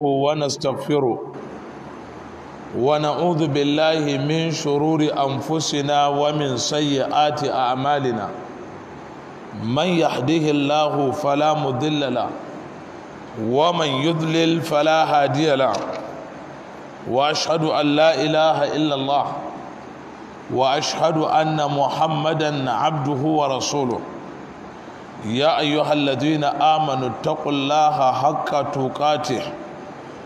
ونستغفره ونعوذ بالله من شرور أنفسنا ومن سيئات أعمالنا من يهده الله فلا مضل له ومن يضلل فلا هادي له وأشهد أن لا إله إلا الله وأشهد أن محمدا عبده ورسوله يا أيها الذين آمنوا اتقوا الله حق تقاته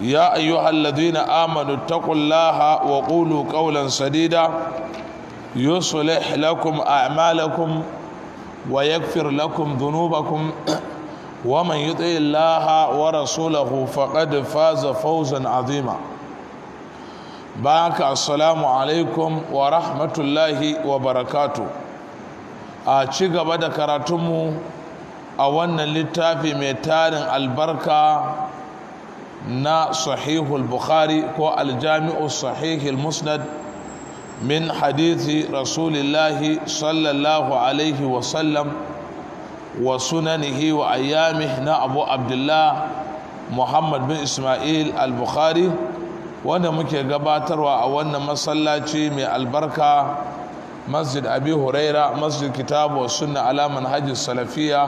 يا أيها الذين آمنوا اتقوا الله وقولوا قولا سديدا يصلح لكم أعمالكم ويغفر لكم ذنوبكم ومن يطع الله ورسوله فقد فاز فوزا عظيما بارك السلام عليكم ورحمة الله وبركاته أشيغ بدك راتمو أولا للتافي ميتان البركة na sahihul bukhari ko aljami'u sahihul musnad min hadithi rasulillahi sallallahu alaihi sallam wa sunanihi wa ayyamih na abu abdullah muhammad bin ismail al-bukhari wanda muke gabatarwa a wannan masallaci mai albarka masjid abi huraira masjid kitabu wa sunna alaman hajji salafiya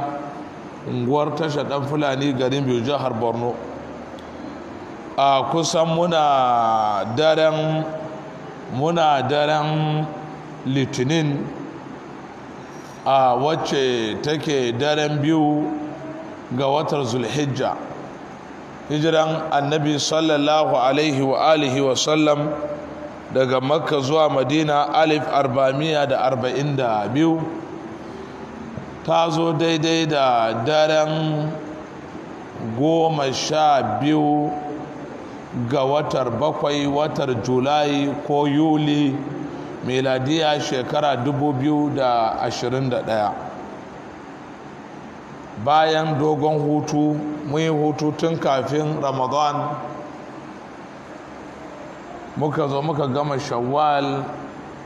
unguwar tasha dan fulani garin biyu jihar borno a kusan muna daren muna daren litinin a wacce take daren biyu ga watar zulhijja hijiran annabi sallallahu alaihi wa alihi wa sallam daga makka zuwa madina alif arba'amiya da arba'in da biyu ta zo daidai da daren goma sha biyu ga watar bakwai watar julai ko yuli meladiya shekara 2021 bayan dogon hutu muyi hutu tun kafin ramadan muka zo muka gama shawwal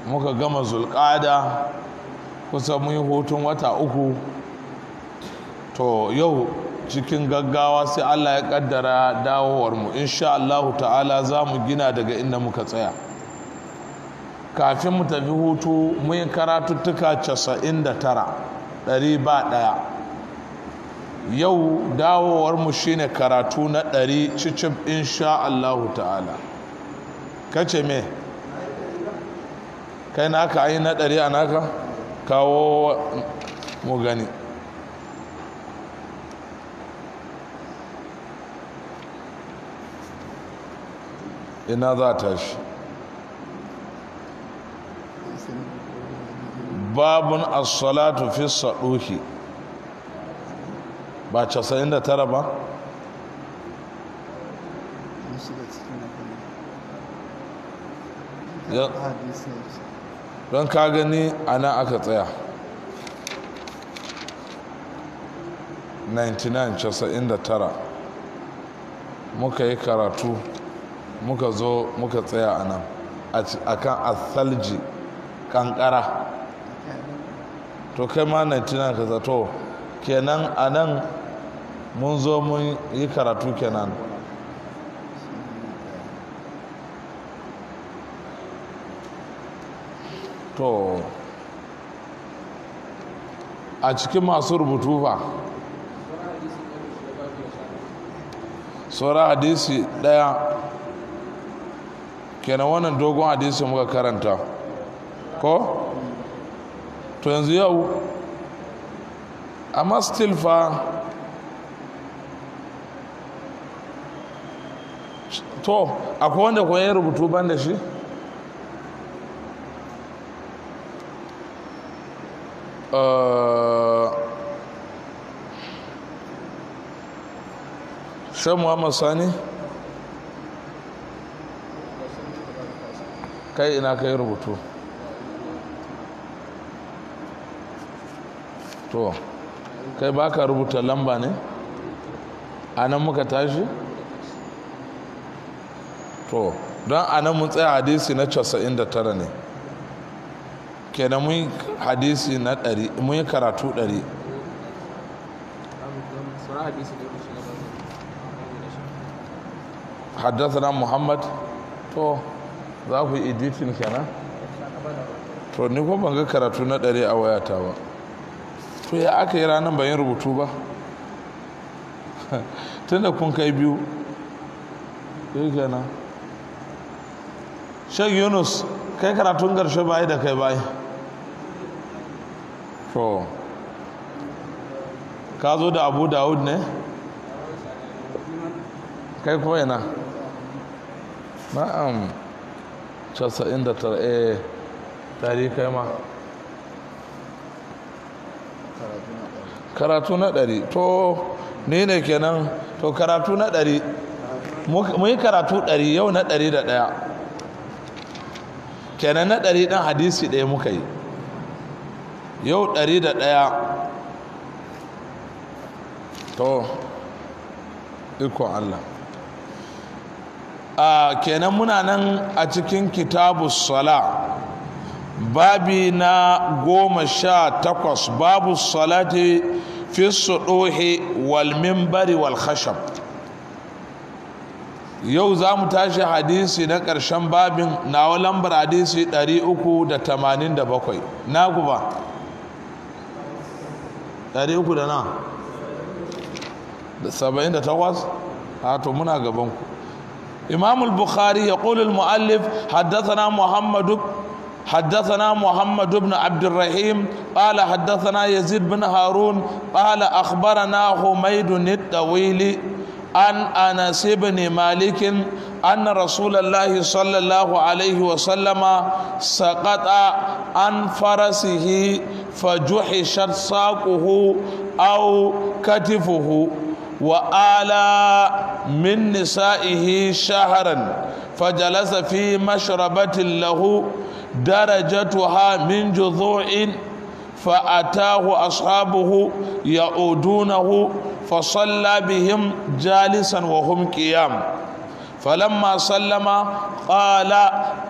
muka gama zulƙada kusa muyi hutun wata uku to yau cikin gaggawa sai Allah ya kaddara dawowarmu insha Allahu ta'ala za mu gina daga inda muka tsaya kafin mu tafi hutu mun yi karatuttuka 99,100 ɗari ba ɗaya yau dawowarmu shine karatu na ɗari cicif insha Allahu ta'ala kace me kai naka ayi na ɗari a naka kawo mu gani ina za ta shi babun as fi saduhi ba 99 ba don ka gani a nan aka tsaya 99 99 muka yi karatu muka zo muka tsaya a nan a kan asalji kankara to kai ma 99 ka zato kenan a nan mun zo mun yi karatu kenan to a cikin masu rubutu ba sauran hadisi daya kenan wannan dogon hadisi muka karanta ko to yanzu yau amma still fa to akwai wanda kuwa ya rubutu ban da shi eh, shan muhammad sani kai ina kai rubutu to kai baka rubuta lamba ne a nan muka tashi to don a nan mun tsaya hadisi na 99 ne kenan mun yi hadisi na 100 mun yi karatu 100 حدثنا محمد تو za ku yi editing kenan to ni ko ban ga karatu na ɗari a wayata ba to ya aka yi ranar bayan rubutu ba tunda kun kai biyu yi kenan shek yunus kai karatun ƙarshe bayi da kai bayi to ka zo da abu dawud ne kai kuma yana na'am 99 eh tari kai ma karatu na ɗari to ni ne kenan to karatu na ɗari mu yi karatu ɗari yau na ɗari da ɗaya kenan na ɗari ɗan hadisi ɗaya muka yi yau ɗari da ɗaya to ikon allah kenan muna nan a cikin kitabu sala babi na goma sha takwas babu salati fi su wal mimbari wal khashab yau za mu tashi hadisi na ƙarshen babin nawa lambar hadisi 387 na guba 300 da na 78 a muna gabanku إمام البخاري يقول المؤلف حدثنا محمد حدثنا محمد بن عبد الرحيم قال حدثنا يزيد بن هارون قال أخبرنا حميد الطويل عن أنس بن مالك أن رسول الله صلى الله عليه وسلم سقط عن فرسه فجحشت ساقه أو كتفه وآلى من نسائه شهرا فجلس في مشربة له درجتها من جذوع فأتاه أصحابه يعودونه فصلى بهم جالسا وهم قيام فلما سلم قال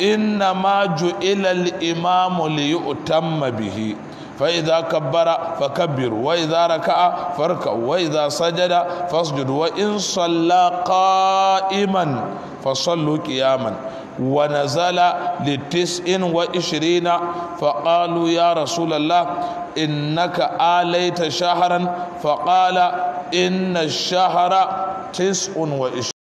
إنما جئل الإمام ليؤتم به fa idza kabbara fakabbir wa idza raka'a farka wa idza sajada fasjud wa in salla qa'iman fasallu qiyaman wa zala li tis'in wa ishirina fa qalu ya rasulullah innaka alaita shaharan fa qala inna ash-shahara tis'un wa